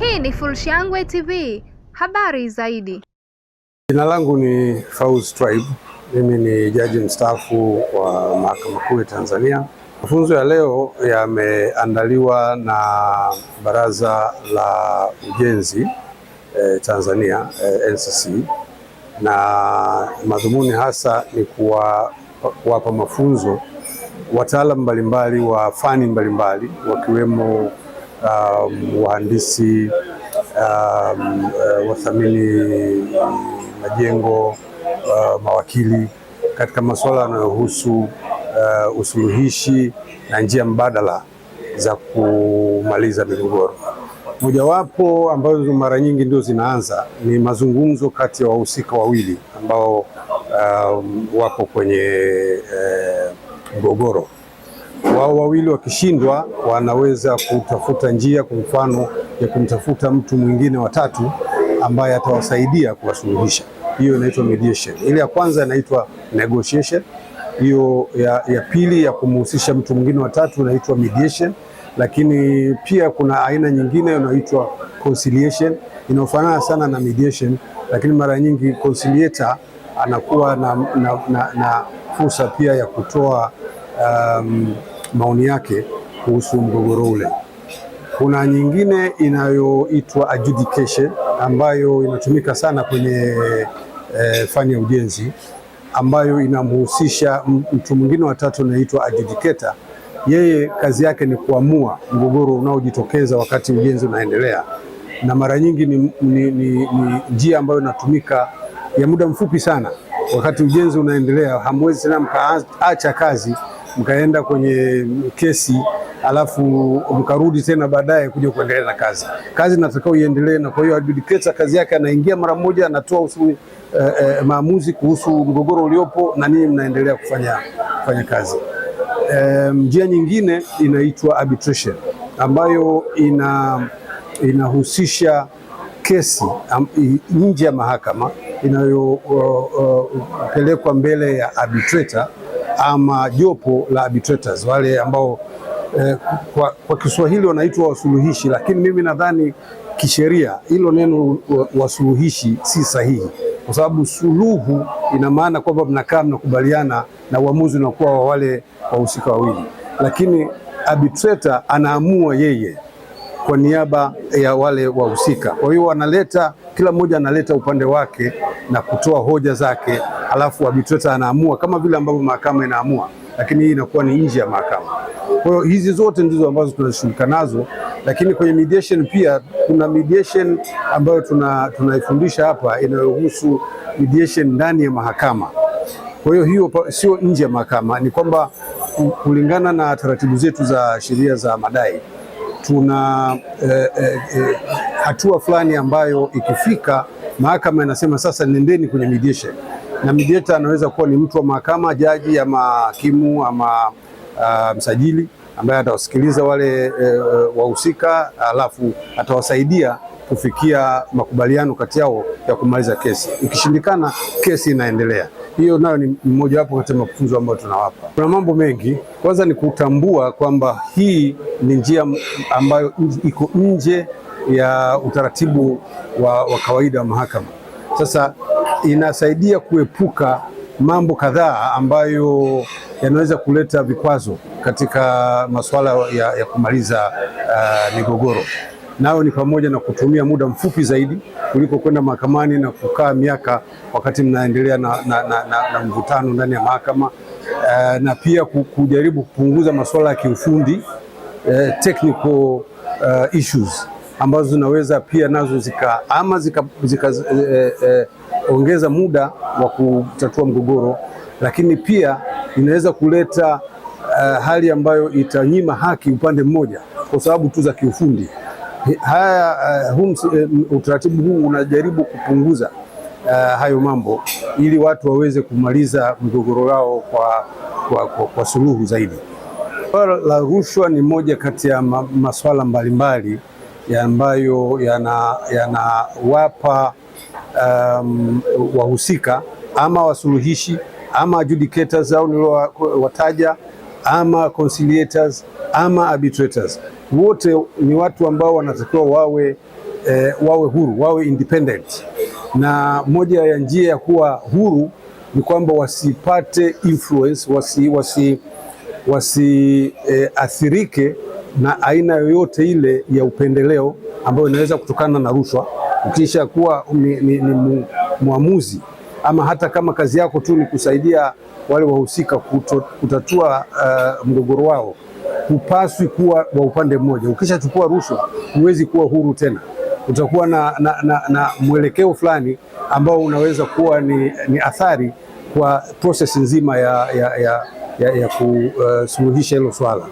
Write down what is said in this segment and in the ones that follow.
Hii ni Fullshangwe TV, habari zaidi. Jina langu ni Fauzi Tribe. mimi ni jaji mstaafu wa Mahakama Kuu ya Tanzania. Mafunzo ya leo yameandaliwa na Baraza la Ujenzi eh, Tanzania eh, NCC na madhumuni hasa ni kuwa kuwapa mafunzo wataalamu mbalimbali wa fani mbalimbali wakiwemo um, wahandisi um, uh, wathamini majengo uh, mawakili katika masuala yanayohusu uh, usuluhishi na njia mbadala za kumaliza migogoro. Mojawapo ambazo mara nyingi ndio zinaanza ni mazungumzo kati ya wahusika wawili ambao um, wako kwenye uh, mgogoro uh, wao wawili wakishindwa, wanaweza kutafuta njia, kwa mfano ya kumtafuta mtu mwingine watatu ambaye atawasaidia kuwasuluhisha. Hiyo inaitwa mediation. Ile ya kwanza inaitwa negotiation, hiyo ya, ya pili ya kumhusisha mtu mwingine watatu inaitwa mediation, lakini pia kuna aina nyingine inaitwa conciliation inayofanana sana na mediation, lakini mara nyingi conciliator anakuwa na, na, na, na fursa pia ya kutoa um, maoni yake kuhusu mgogoro ule. Kuna nyingine inayoitwa adjudication ambayo inatumika sana kwenye e, fani ya ujenzi ambayo inamhusisha mtu mwingine wa tatu anaitwa adjudicator. Yeye kazi yake ni kuamua mgogoro unaojitokeza wakati ujenzi unaendelea, na mara nyingi ni, ni, ni, ni njia ambayo inatumika ya muda mfupi sana. Wakati ujenzi unaendelea, hamwezi tena mkaacha kazi mkaenda kwenye kesi alafu mkarudi tena baadaye kuja kuendelea na kazi. Kazi inatakiwa iendelee, na kwa hiyo adjudicator kazi yake anaingia mara moja, anatoa uh, uh, maamuzi kuhusu mgogoro uliopo na ninyi mnaendelea kufanya, kufanya kazi. Eh, njia um, nyingine inaitwa arbitration ambayo ina inahusisha kesi nje ya mahakama inayopelekwa uh, uh, mbele ya arbitrator ama jopo la arbitrators wale ambao eh, kwa, kwa Kiswahili wanaitwa wasuluhishi, lakini mimi nadhani kisheria hilo neno wasuluhishi si sahihi, kwa sababu suluhu ina maana kwamba mnakaa mnakubaliana na uamuzi unakuwa wa wale wahusika wawili, lakini arbitrator anaamua yeye kwa niaba ya wale wahusika. Kwa hiyo analeta kila mmoja analeta upande wake na kutoa hoja zake alafu arbitrator anaamua kama vile ambavyo mahakama inaamua, lakini hii inakuwa ni nje ya mahakama. Kwa hiyo hizi zote ndizo ambazo tunashughulika nazo, lakini kwenye mediation pia kuna mediation ambayo tunaifundisha hapa inayohusu mediation ndani ya mahakama. Kwa hiyo hiyo sio nje ya mahakama, ni kwamba kulingana na taratibu zetu za sheria za madai tuna eh, eh, eh, hatua fulani ambayo ikifika mahakama inasema sasa, nendeni kwenye mediation na mediator anaweza kuwa ni mtu wa mahakama, jaji ama hakimu ama uh, msajili ambaye atawasikiliza wale uh, wahusika, alafu atawasaidia kufikia makubaliano kati yao ya kumaliza kesi. Ikishindikana, kesi inaendelea. Hiyo nayo ni mmojawapo kati ya mafunzo ambayo tunawapa. Kuna mambo mengi. Kwanza ni kutambua kwamba hii ni njia ambayo iko nje ya utaratibu wa, wa kawaida wa mahakama. Sasa inasaidia kuepuka mambo kadhaa ambayo yanaweza kuleta vikwazo katika masuala ya, ya kumaliza uh, migogoro nayo ni pamoja na kutumia muda mfupi zaidi kuliko kwenda mahakamani na kukaa miaka wakati mnaendelea na, na, na, na, na mvutano ndani ya mahakama uh, na pia kujaribu kupunguza masuala ya kiufundi uh, technical uh, issues ambazo zinaweza pia nazo zika ama zikaongeza zika, eh, eh, muda wa kutatua mgogoro, lakini pia inaweza kuleta eh, hali ambayo itanyima haki upande mmoja kwa sababu tu za kiufundi. Haya, eh, hum, eh, utaratibu huu unajaribu kupunguza uh, hayo mambo ili watu waweze kumaliza mgogoro wao kwa, kwa, kwa, kwa suluhu zaidi. Swala la rushwa ni moja kati ya maswala mbalimbali ya ambayo yanawapa yana um, wahusika ama wasuluhishi ama adjudicators au niliowataja ama conciliators ama arbitrators, wote ni watu ambao wanatakiwa wawe eh, wawe huru wawe independent, na moja ya njia ya kuwa huru ni kwamba wasipate influence wasi, wasi, wasiathirike eh, na aina yoyote ile ya upendeleo ambayo inaweza kutokana na rushwa. Ukisha kuwa ni, ni, ni mwamuzi ama hata kama kazi yako tu ni kusaidia wale wahusika kutatua uh, mgogoro wao, hupaswi kuwa wa upande mmoja. Ukishachukua rushwa huwezi kuwa huru tena, utakuwa na, na, na, na mwelekeo fulani ambao unaweza kuwa ni, ni athari kwa prosesi nzima ya, ya, ya, ya, ya kusuluhisha uh, hilo swala.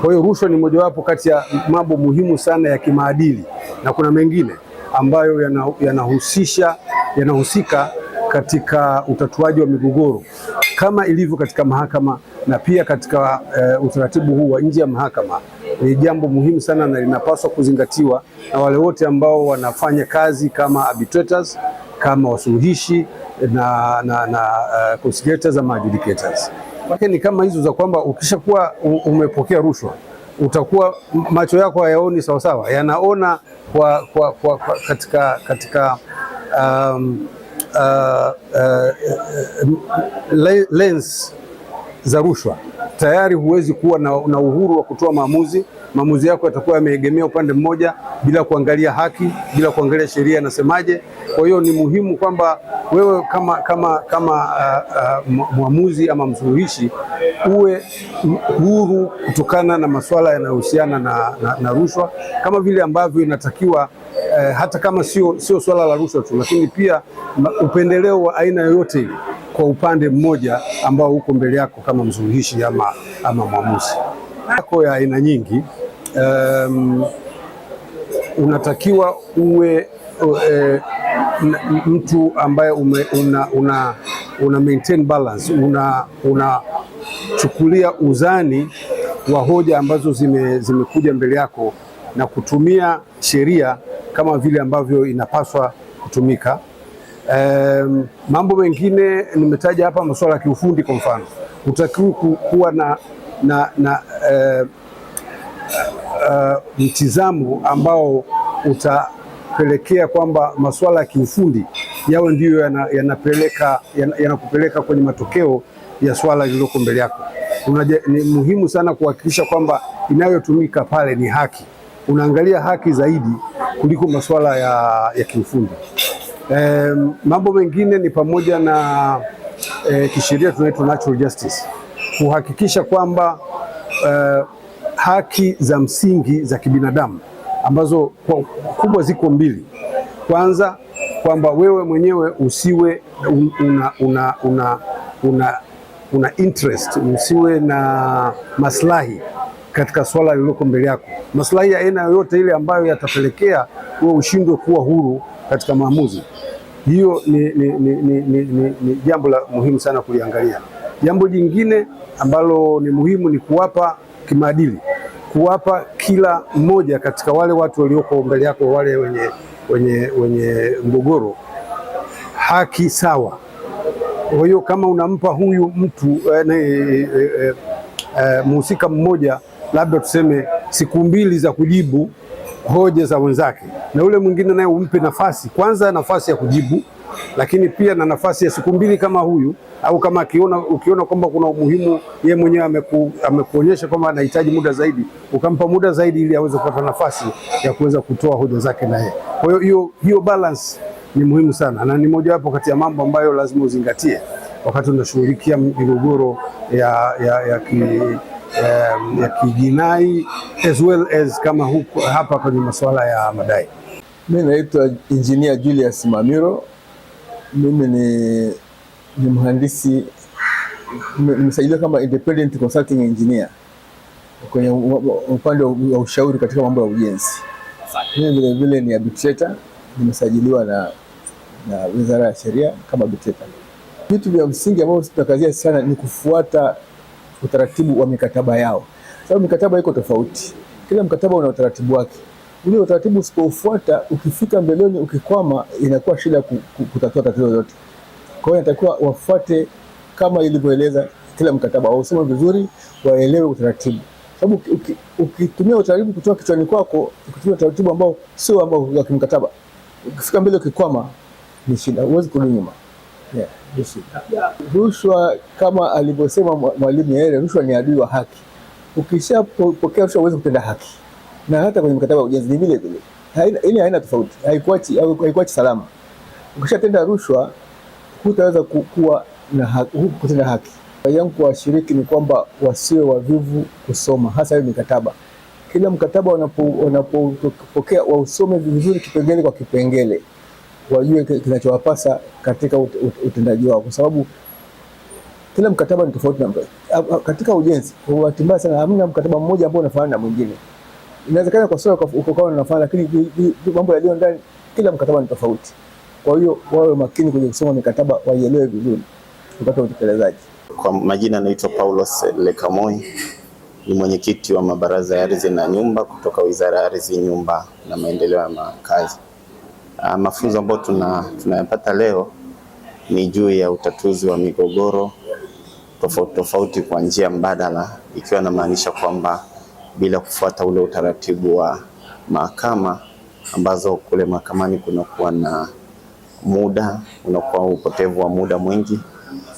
Kwa hiyo rushwa ni mojawapo kati ya mambo muhimu sana ya kimaadili, na kuna mengine ambayo yanahusisha yanahusika katika utatuaji wa migogoro kama ilivyo katika mahakama na pia katika uh, utaratibu huu wa nje ya mahakama ni jambo muhimu sana na linapaswa kuzingatiwa na wale wote ambao wanafanya kazi kama arbitrators, kama wasuluhishi na, na, na uh, eh, conciliators ama adjudicators. Wake ni kama hizo za kwamba ukishakuwa umepokea rushwa utakuwa macho yako hayaoni sawasawa, yanaona kwa, kwa, kwa, kwa, katika, katika um, uh, uh, uh lens za rushwa tayari huwezi kuwa na, na uhuru wa kutoa maamuzi. Maamuzi yako yatakuwa yameegemea upande mmoja bila kuangalia haki, bila kuangalia sheria inasemaje. Kwa hiyo ni muhimu kwamba wewe kama, kama, kama uh, uh, mwamuzi ama msuluhishi uwe huru kutokana na masuala yanayohusiana na, na, na rushwa kama vile ambavyo inatakiwa uh, hata kama sio sio swala la rushwa tu, lakini pia upendeleo wa aina yoyote ile kwa upande mmoja ambao uko mbele yako kama msuluhishi ama, ama mwamuzi yako ya aina nyingi. Um, unatakiwa uwe e, mtu ambaye ume, una, una, una maintain balance, unachukulia una uzani wa hoja ambazo zime, zimekuja mbele yako na kutumia sheria kama vile ambavyo inapaswa kutumika. Um, mambo mengine nimetaja hapa masuala ya kiufundi kwa mfano, hutakiwi kuwa na, na, na uh, uh, mtizamo ambao utapelekea kwamba masuala ya kiufundi yawe ndiyo yanakupeleka yana yana kwenye matokeo ya swala lililoko mbele yako. Ni muhimu sana kuhakikisha kwamba inayotumika pale ni haki, unaangalia haki zaidi kuliko masuala ya, ya kiufundi. E, mambo mengine ni pamoja na e, kisheria tunaitwa natural justice, kuhakikisha kwamba e, haki za msingi za kibinadamu ambazo kwa kubwa ziko mbili. Kwanza kwamba wewe mwenyewe usiwe una, una, una, una, una interest usiwe na maslahi katika swala lililoko mbele yako, maslahi ya aina yoyote ile ambayo yatapelekea wewe ushindwe kuwa huru katika maamuzi. Hiyo ni, ni, ni, ni, ni, ni, ni jambo la muhimu sana kuliangalia. Jambo jingine ambalo ni muhimu ni kuwapa kimaadili, kuwapa kila mmoja katika wale watu walioko mbele yako, wale wenye, wenye, wenye mgogoro haki sawa. Kwa hiyo kama unampa huyu mtu eh, eh, eh, eh, eh mhusika mmoja labda tuseme siku mbili za kujibu hoja za wenzake, na yule mwingine naye umpe nafasi kwanza, nafasi ya kujibu, lakini pia na nafasi ya siku mbili kama huyu au kama akiona, ukiona kwamba kuna umuhimu yeye mwenyewe ameku, amekuonyesha kwamba anahitaji muda zaidi, ukampa muda zaidi ili aweze kupata nafasi ya kuweza kutoa hoja zake naye. Kwa hiyo hiyo hiyo balance ni muhimu sana na ni mojawapo kati ya mambo ambayo lazima uzingatie wakati unashughulikia migogoro ya, ya, ya ki um, ya kijinai as well as kama huko hapa kwenye masuala ya madai. Mimi naitwa Engineer Julius Mamiro. Mimi ni, ni mhandisi nimesajiliwa kama independent consulting engineer kwenye upande wa ushauri katika mambo ya ujenzi. Mimi vile vile ni arbitrator, nimesajiliwa na na Wizara ya Sheria kama arbitrator. Vitu vya msingi ambavyo tunakazia sana ni kufuata utaratibu wa mikataba yao, sababu mikataba iko tofauti, kila mkataba una utaratibu wake. Ule utaratibu usipofuata ukifika mbeleni, ukikwama, inakuwa shida kutatua tatizo lolote. Kwa hiyo inatakiwa wafuate kama ilivyoeleza kila mkataba, wausome vizuri, waelewe utaratibu, sababu ukitumia utaratibu kutoka kichwani kwako, ukitumia utaratibu ambao sio ambao wa kimkataba, ukifika mbele ukikwama, ni shida, huwezi kurudi nyuma yeah, Rushwa kama alivyosema Mwalimu Nyerere, rushwa ni adui wa haki. Ukishapokea rushwa huwezi kutenda haki, na hata kwenye mkataba wa ujenzi ni vile vile, ili haina tofauti, haikuachi haikuachi salama. Ukishatenda rushwa hutaweza kuwa na haki, kutenda haki. Rai yangu kwa washiriki ni kwamba wasiwe wavivu kusoma, hasa hiyo mikataba kila mkataba wanapopokea wausome vizuri kipengele kwa kipengele wajue kinachowapasa katika utendaji wao, kwa sababu kila mkataba ni tofauti na katika ujenzi. Kwa bahati mbaya sana, hamna mkataba mmoja ambao unafanana na mwingine. Inawezekana kwa sura ukawa unafanana, lakini mambo yaliyo ndani, kila mkataba ni tofauti. Kwa hiyo wawe makini kwenye kusoma mikataba, waielewe vizuri wakati wa utekelezaji. Kwa majina anaitwa Paulo Lekamoi, ni mwenyekiti wa mabaraza ya ardhi na nyumba kutoka Wizara ya Ardhi, Nyumba na Maendeleo ya Makazi. Uh, mafunzo ambayo tuna tunayapata leo ni juu ya utatuzi wa migogoro tofauti tofauti kwa njia mbadala, ikiwa namaanisha kwamba bila kufuata ule utaratibu wa mahakama ambazo kule mahakamani kunakuwa na muda, unakuwa upotevu wa muda mwingi,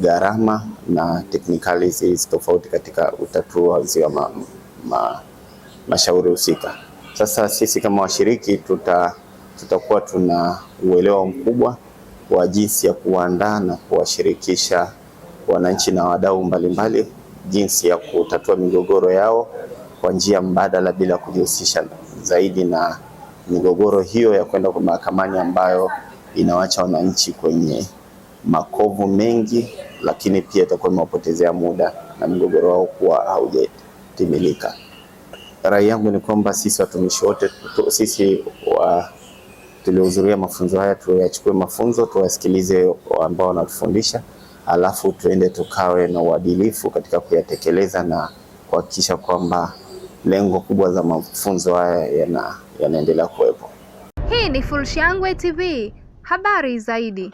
gharama na technicalities tofauti katika utatuzi wa ma, ma, mashauri husika. Sasa sisi kama washiriki tuta tutakuwa tuna uelewa mkubwa wa jinsi ya kuandaa na kuwashirikisha wananchi na wadau mbalimbali jinsi ya kutatua migogoro yao kwa njia mbadala bila kujihusisha zaidi na migogoro hiyo ya kwenda kwa mahakamani ambayo inawacha wananchi kwenye makovu mengi, lakini pia itakuwa imewapotezea muda na mgogoro wao kuwa haujatimilika. Rai yangu ni kwamba sisi watumishi wote, sisi wa tuliohudhuria mafunzo haya tuyachukue mafunzo, tuwasikilize ambao wanatufundisha, alafu tuende tukawe na uadilifu katika kuyatekeleza na kuhakikisha kwamba lengo kubwa za mafunzo haya yanaendelea yana kuwepo. Hii ni Fullshangwe TV, habari zaidi.